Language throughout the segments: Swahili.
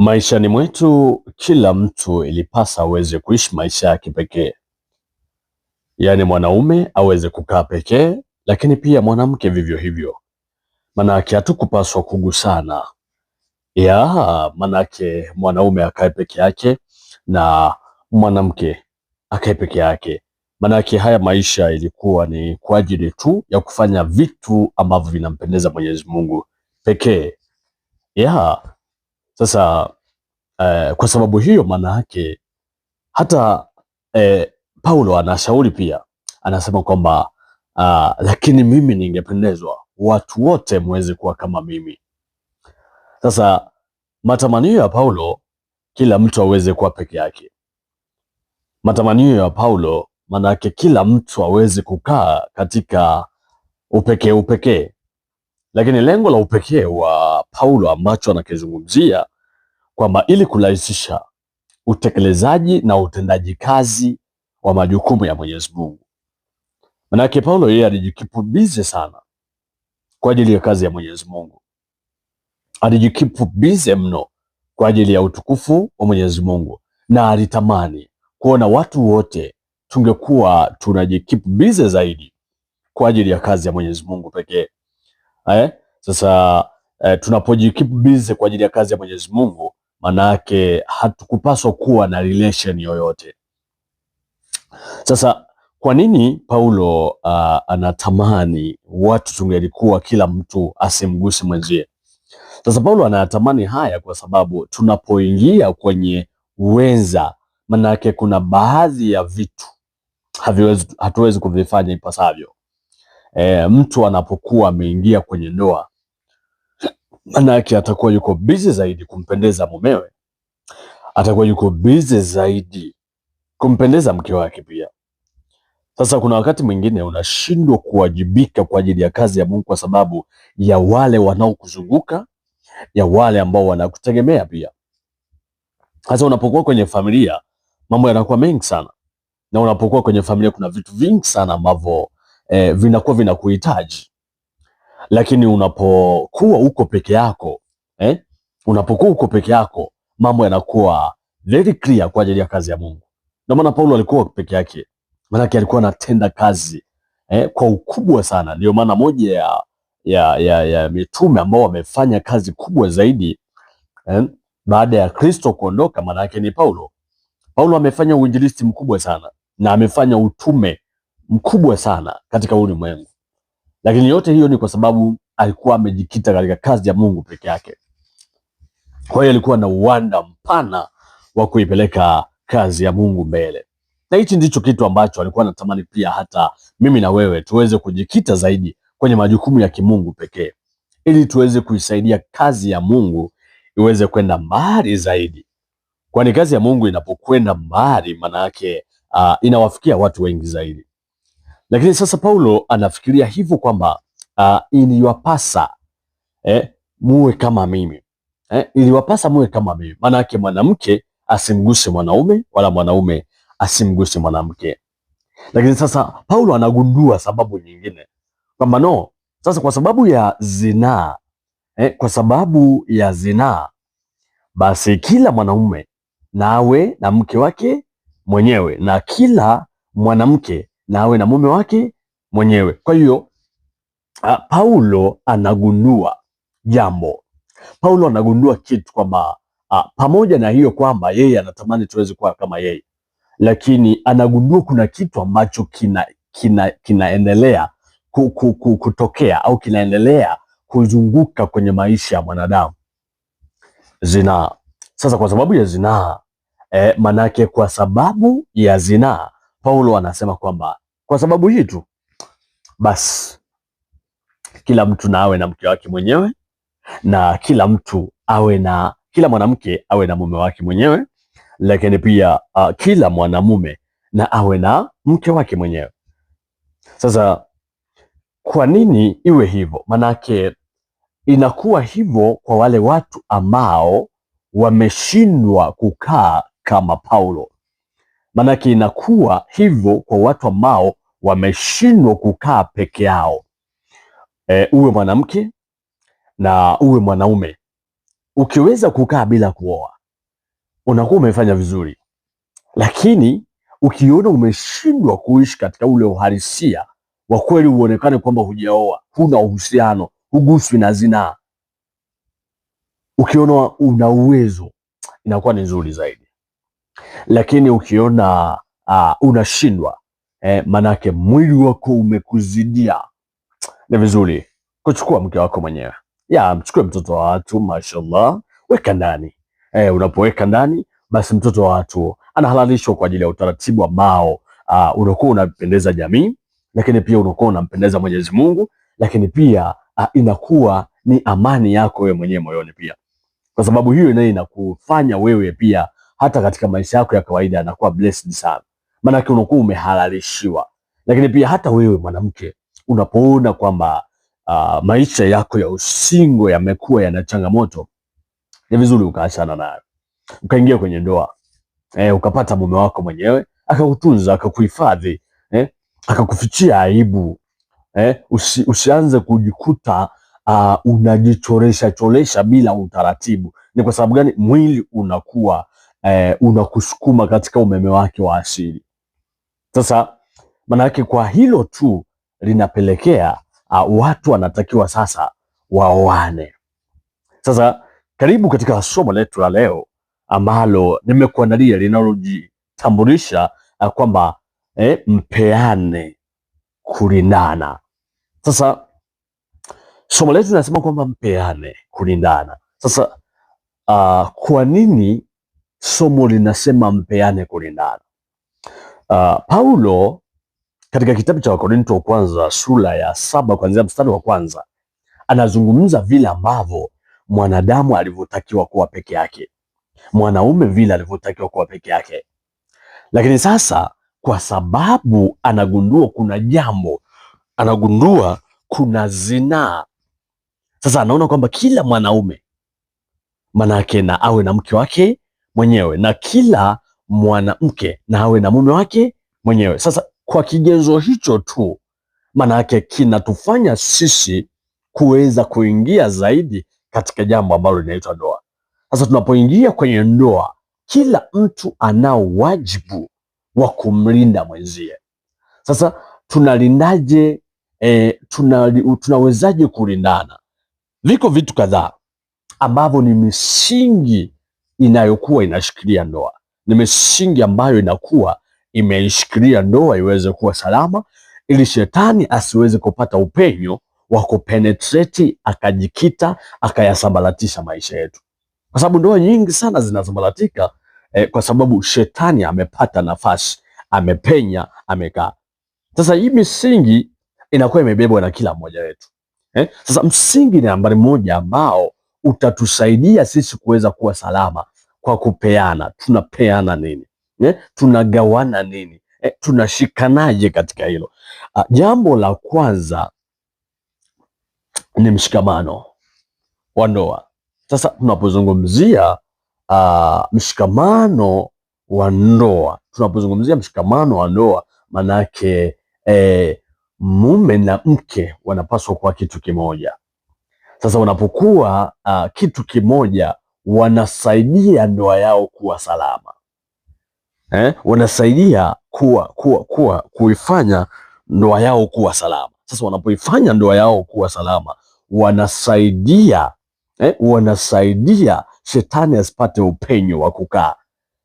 Maishani mwetu kila mtu ilipasa aweze kuishi maisha ya kipekee, yaani mwanaume aweze kukaa pekee, lakini pia mwanamke vivyo hivyo. Manake hatukupaswa kugusana ya manake mwanaume akae peke yake na mwanamke akae peke yake. Manake haya maisha ilikuwa ni kwa ajili tu ya kufanya vitu ambavyo vinampendeza Mwenyezi Mungu pekee ya sasa eh, kwa sababu hiyo maana yake hata eh, Paulo anashauri pia, anasema kwamba uh, lakini mimi ningependezwa watu wote mweze kuwa kama mimi. Sasa matamanio ya Paulo kila mtu aweze kuwa peke yake. Matamanio ya Paulo manake kila mtu aweze kukaa katika upekee upekee, lakini lengo la upekee wa Paulo ambacho anakizungumzia kwamba ili kurahisisha utekelezaji na utendaji kazi wa majukumu ya Mwenyezi Mungu. Manake Paulo yeye alijikipu bize sana kwa ajili ya kazi ya Mwenyezi Mungu, alijikipu bize mno kwa ajili ya utukufu wa Mwenyezi Mungu, na alitamani kuona watu wote tungekuwa tunajikipu bize zaidi kwa ajili ya kazi ya Mwenyezi Mungu pekee. Eh, sasa eh, tunapojikipu bize kwa ajili ya kazi ya Mwenyezi Mungu, manake hatukupaswa kuwa na relation yoyote. Sasa kwa nini Paulo uh, anatamani watu tungelikuwa kila mtu asimguse mwenzie? Sasa Paulo anatamani haya kwa sababu tunapoingia kwenye wenza, manake kuna baadhi ya vitu haviwezi, hatuwezi kuvifanya ipasavyo. E, mtu anapokuwa ameingia kwenye ndoa yake atakuwa yuko bizi zaidi kumpendeza mumewe, atakuwa yuko bizi zaidi kumpendeza mke wake pia. Sasa kuna wakati mwingine unashindwa kuwajibika kwa ajili ya kazi ya Mungu kwa sababu ya wale wanaokuzunguka, ya wale ambao wanakutegemea pia. Sasa unapokuwa kwenye familia mambo yanakuwa mengi sana, na unapokuwa kwenye familia kuna vitu vingi sana ambavyo eh, vinakuwa vinakuhitaji lakini unapokuwa uko peke yako eh? Unapokuwa uko peke yako mambo yanakuwa very clear kwa ajili ya kazi ya Mungu. Ndio maana Paulo alikuwa peke yake, maanake alikuwa anatenda kazi eh, kwa ukubwa sana. Ndio maana moja ya, ya, ya, ya mitume ambao wamefanya kazi kubwa zaidi eh, baada ya Kristo kuondoka, maana yake ni Paulo. Paulo amefanya uinjilisti mkubwa sana na amefanya utume mkubwa sana katika ulimwengu. Lakini yote hiyo ni kwa sababu alikuwa amejikita katika kazi ya Mungu peke yake. Kwa hiyo alikuwa na uwanda mpana wa kuipeleka kazi ya Mungu mbele, na hichi ndicho kitu ambacho alikuwa anatamani pia hata mimi na wewe tuweze kujikita zaidi kwenye majukumu ya kimungu pekee, ili tuweze kuisaidia kazi ya Mungu iweze kwenda mbali zaidi, kwani kazi ya Mungu inapokwenda mbali maana yake uh, inawafikia watu wengi zaidi. Lakini sasa Paulo anafikiria hivyo kwamba uh, iliwapasa eh, muwe kama mimi eh, iliwapasa muwe kama mimi. Maana yake mwanamke asimguse mwanaume wala mwanaume asimguse mwanamke. Lakini sasa Paulo anagundua sababu nyingine kwamba no, sasa kwa sababu ya zinaa eh, kwa sababu ya zinaa basi kila mwanaume na awe na mke wake mwenyewe na kila mwanamke na awe na mume wake mwenyewe. Kwa hiyo ah, Paulo anagundua jambo, Paulo anagundua kitu kwamba ah, pamoja na hiyo kwamba yeye anatamani tuweze kuwa kama yeye, lakini anagundua kuna kitu ambacho kina, kina, kinaendelea kutokea au kinaendelea kuzunguka kwenye maisha ya mwanadamu, zinaa. Sasa kwa sababu ya zinaa eh, manake kwa sababu ya zinaa Paulo anasema kwamba kwa sababu hii tu basi, kila mtu na awe na mke wake mwenyewe na kila mtu awe na kila mwanamke awe na mume wake mwenyewe, lakini pia uh, kila mwanamume na awe na mke wake mwenyewe. Sasa kwa nini iwe hivyo? Manake inakuwa hivyo kwa wale watu ambao wameshindwa kukaa kama Paulo. Manake inakuwa hivyo kwa watu ambao wameshindwa kukaa peke yao. E, uwe mwanamke na uwe mwanaume, ukiweza kukaa bila kuoa unakuwa umefanya vizuri, lakini ukiona umeshindwa kuishi katika ule uhalisia wa kweli, uonekane kwamba hujaoa, huna uhusiano, huguswi na zinaa, ukiona una uwezo inakuwa ni nzuri zaidi, lakini ukiona uh, unashindwa eh, manake mwili wako umekuzidia. Ni vizuri kuchukua mke wako mwenyewe, ya mchukue mtoto wa watu, mashallah, weka ndani eh. Unapoweka ndani, basi mtoto wa watu anahalalishwa kwa ajili ya utaratibu ambao ah, unakuwa unapendeza jamii, lakini pia unakuwa unampendeza Mwenyezi Mungu, lakini pia uh, inakuwa ni amani yako wewe mwenyewe moyoni pia, kwa sababu hiyo inayo inakufanya wewe pia hata katika maisha yako ya kawaida anakuwa blessed sana maanake unakuwa umehalalishiwa. Lakini pia hata wewe mwanamke unapoona kwamba uh, maisha yako ya usingo yamekuwa yana changamoto, ni vizuri ukaachana nayo ukaingia kwenye ndoa eh, ukapata mume wako mwenyewe akakutunza akakuhifadhi eh, akakufichia aibu eh, usi, usianze kujikuta uh, unajichoresha choresha bila utaratibu. Ni kwa sababu gani? Mwili unakuwa eh, unakusukuma katika umeme wake wa asili. Sasa manake kwa hilo tu linapelekea uh, watu wanatakiwa sasa waoane. Sasa karibu katika somo letu la leo ambalo nimekuandalia linalojitambulisha uh, kwamba eh, mpeane kulindana. Sasa somo letu linasema kwamba mpeane kulindana. Sasa uh, kwa nini somo linasema mpeane kulindana? Uh, Paulo katika kitabu cha wakorinto wa kwanza sura ya saba kuanzia mstari wa kwanza anazungumza vile ambavyo mwanadamu alivyotakiwa kuwa peke yake, mwanaume vile alivyotakiwa kuwa peke yake. Lakini sasa kwa sababu anagundua kuna jambo, anagundua kuna zinaa, sasa anaona kwamba kila mwanaume manake na awe na mke wake mwenyewe na kila mwanamke na awe na mume wake mwenyewe. Sasa kwa kigezo hicho tu, maana yake kinatufanya sisi kuweza kuingia zaidi katika jambo ambalo linaitwa ndoa. Sasa tunapoingia kwenye ndoa, kila mtu anao wajibu wa kumlinda mwenzie. Sasa tunalindaje? E, tuna, tunawezaje kulindana? Viko vitu kadhaa ambavyo ni misingi inayokuwa inashikilia ndoa ni misingi ambayo inakuwa imeishikilia ndoa iweze kuwa salama, ili shetani asiweze kupata upenyo wa kupenetreti akajikita akayasambaratisha maisha yetu, kwa sababu ndoa nyingi sana zinasambaratika eh, kwa sababu shetani amepata nafasi, amepenya, amekaa. Sasa hii misingi inakuwa imebebwa na kila mmoja wetu eh? Sasa msingi ni nambari moja ambao utatusaidia sisi kuweza kuwa salama kwa kupeana. Tunapeana nini eh? tunagawana nini eh? tunashikanaje katika hilo? Ah, jambo la kwanza ni mshikamano wa ndoa. Sasa tunapozungumzia ah, mshikamano wa ndoa, tunapozungumzia mshikamano wa ndoa manake eh, mume na mke wanapaswa kuwa kitu kimoja. Sasa wanapokuwa uh, ah, kitu kimoja, wanasaidia ndoa yao kuwa salama eh? wanasaidia kuwa kuwa kuwa kuifanya ndoa yao kuwa salama. Sasa wanapoifanya ndoa yao kuwa salama wanasaidia eh? wanasaidia shetani asipate upenyo wa kukaa.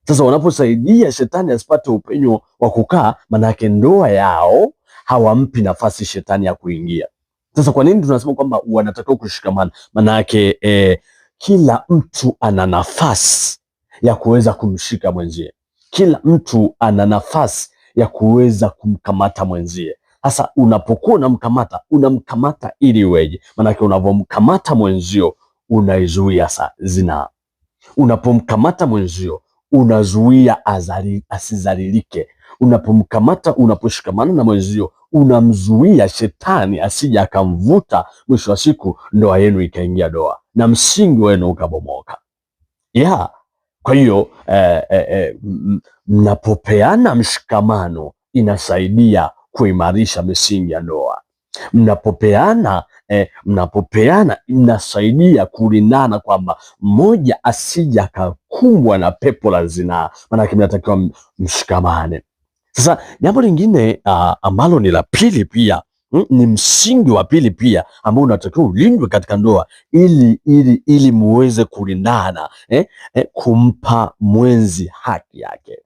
Sasa wanaposaidia shetani asipate upenyo wa kukaa, manake ndoa yao hawampi nafasi shetani ya kuingia. Sasa kwa nini tunasema kwamba wanatakiwa kushikamana? Manake eh, kila mtu ana nafasi ya kuweza kumshika mwenzie, kila mtu ana nafasi ya kuweza kumkamata mwenzie. Sasa unapokuwa unamkamata, unamkamata ili weje? Maanake unavyomkamata mwenzio unaizuia sa zinaa, unapomkamata mwenzio unazuia azali, asizalilike. Unapomkamata, unaposhikamana na mwenzio unamzuia shetani asija akamvuta, mwisho wa siku ndoa yenu ikaingia doa na msingi wenu ukabomoka. Yeah. Kwa hiyo eh, eh, eh mnapopeana mshikamano inasaidia kuimarisha misingi ya ndoa. Mnapopeana eh, mnapopeana inasaidia kulindana kwamba mmoja asija akakumbwa na pepo la zinaa, maanake mnatakiwa mshikamane. Sasa jambo lingine uh, ambalo ni la pili pia Hmm? ni msingi wa pili pia ambao unatakiwa ulindwe katika ndoa ili, ili, ili muweze kulindana eh, eh, kumpa mwenzi haki yake.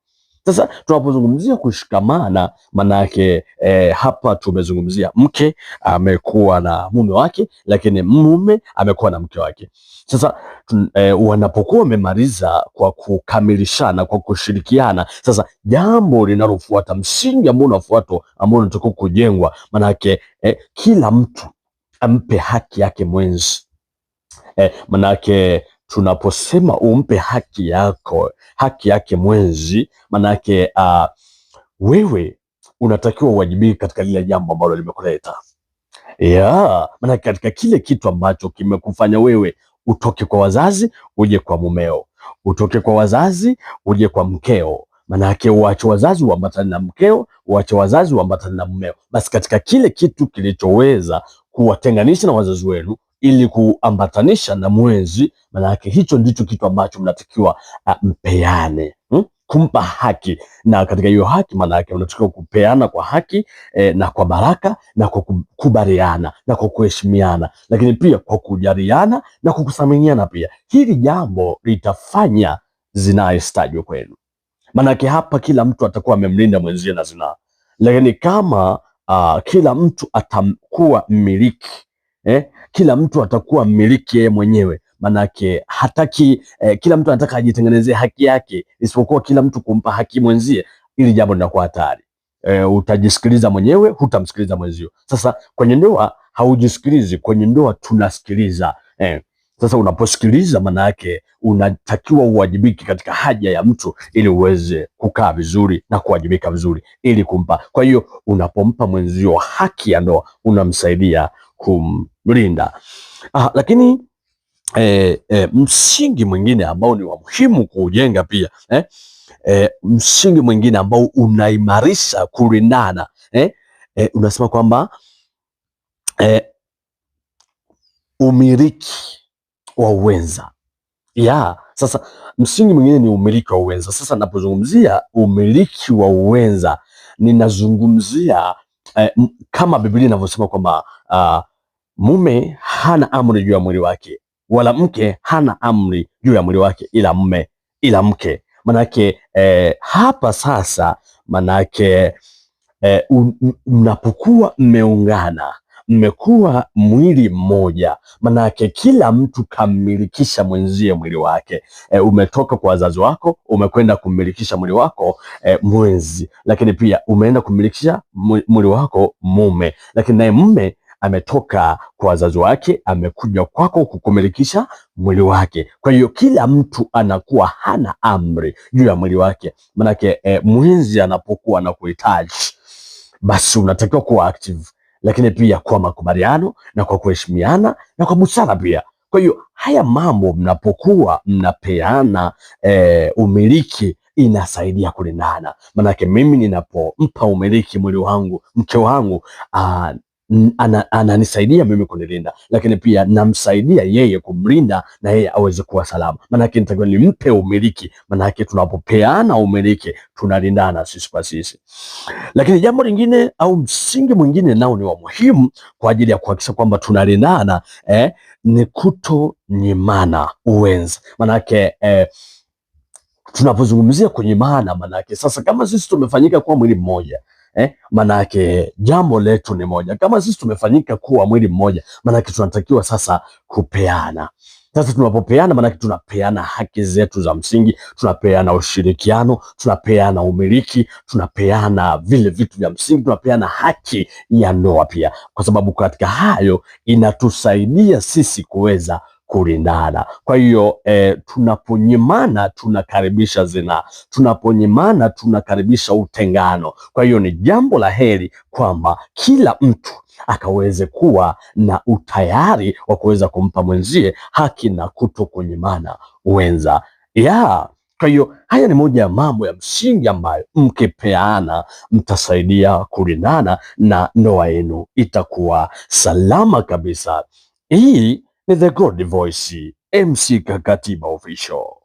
Sasa tunapozungumzia kushikamana, maana yake e, eh, hapa tumezungumzia mke amekuwa na mume wake, lakini mume amekuwa na mke wake. Sasa e, wanapokuwa wamemaliza kwa kukamilishana, kwa kushirikiana, sasa jambo linalofuata, msingi ambao unafuatwa, ambao unatakiwa kujengwa, maana yake e, eh, kila mtu ampe haki yake mwenzi. E, maana yake tunaposema umpe haki yako haki yake mwenzi, manake uh, wewe unatakiwa uwajibike katika lile jambo ambalo limekuleta yeah, manake katika kile kitu ambacho kimekufanya wewe utoke kwa wazazi uje kwa mumeo, utoke kwa wazazi uje kwa mkeo Manake uache wazazi uambatane na mkeo, uache wazazi uambatane na mmeo. Basi katika kile kitu kilichoweza kuwatenganisha na wazazi wenu, ili kuambatanisha na mwenzi, manake hicho ndicho kitu ambacho mnatakiwa ah, mpeane hmm? kumpa haki na katika hiyo haki, maana yake unatakiwa kupeana kwa haki eh, na kwa baraka na kwa kubariana na kwa kuheshimiana, lakini pia kwa kujaliana na kwa kuthaminiana. Pia hili jambo litafanya zinaa isitajwe kwenu, maanake hapa kila mtu atakuwa amemlinda mwenzie na zinaa, lakini kama uh, kila mtu atakuwa mmiliki eh, kila mtu atakuwa mmiliki yeye mwenyewe, manake hataki eh, kila mtu anataka ajitengenezee haki yake, isipokuwa kila mtu kumpa haki mwenzie, ili jambo linakuwa hatari. Eh, utajisikiliza mwenyewe, hutamsikiliza mwenzio. Sasa kwenye ndoa haujisikilizi, kwenye ndoa tunasikiliza. eh. sasa unaposikiliza, maana yake unatakiwa uwajibike katika haja ya mtu, ili uweze kukaa vizuri na kuwajibika vizuri, ili kumpa. Kwa hiyo unapompa mwenzio haki ya ndoa, unamsaidia kumlinda. Ah, lakini e, e, msingi mwingine ambao ni wa muhimu kuujenga pia eh, e, msingi mwingine ambao unaimarisha kulindana eh, e, unasema kwamba e, umiliki wa uwenza ya sasa msingi mwingine ni umiliki wa uwenza. Sasa napozungumzia umiliki wa uwenza ninazungumzia eh, kama Biblia inavyosema kwamba uh, mume hana amri juu ya mwili wake wala mke hana amri juu ya mwili wake ila mume ila mke. Manake eh, hapa sasa manake eh, mnapokuwa mmeungana mmekuwa mwili mmoja, manake kila mtu kammilikisha mwenzie mwili wake. E, umetoka kwa wazazi wako umekwenda kummilikisha mwili wako e, mwenzi, lakini pia umeenda kummilikisha mwili wako mume, lakini naye mume ametoka kwa wazazi wake amekuja kwako kukumilikisha mwili wake. Kwa hiyo kila mtu anakuwa hana amri juu ya mwili wake, manake e, mwenzi anapokuwa na kuhitaji basi unatakiwa kuwa active lakini pia kwa makubaliano na kwa kuheshimiana na kwa busara pia. Kwa hiyo haya mambo mnapokuwa mnapeana e, umiliki inasaidia kulindana. Maanake mimi ninapompa umiliki mwili wangu mke wangu, ah, ananisaidia ana mimi kunilinda, lakini pia namsaidia yeye kumlinda na yeye aweze kuwa salama. Maanake nitakiwa nimpe umiliki, maanake tunapopeana umiliki tunalindana sisi kwa sisi. Lakini jambo lingine au msingi mwingine nao ni wa muhimu kwa ajili ya kuhakikisha kwamba tunalindana eh, ni kutonyimana uwenzi, maanake eh, tunapozungumzia kunyimana, maanake sasa kama sisi tumefanyika kuwa mwili mmoja eh? Manake jambo letu ni moja, kama sisi tumefanyika kuwa mwili mmoja, manake tunatakiwa sasa kupeana. Sasa tunapopeana, manake tunapeana haki zetu za msingi, tunapeana ushirikiano, tunapeana umiliki, tunapeana vile vitu vya msingi, tunapeana haki ya ndoa pia, kwa sababu katika hayo inatusaidia sisi kuweza kulindana. Kwa hiyo e, tunaponyimana tunakaribisha zinaa, tunaponyimana tunakaribisha utengano. Kwa hiyo ni jambo la heri kwamba kila mtu akaweze kuwa na utayari wa kuweza kumpa mwenzie haki na kuto kunyimana wenza ya kwa hiyo haya ni moja ya mambo ya msingi ambayo mkipeana mtasaidia kulindana na ndoa yenu itakuwa salama kabisa. Hii The Gold Voice, MC Kakatima Official.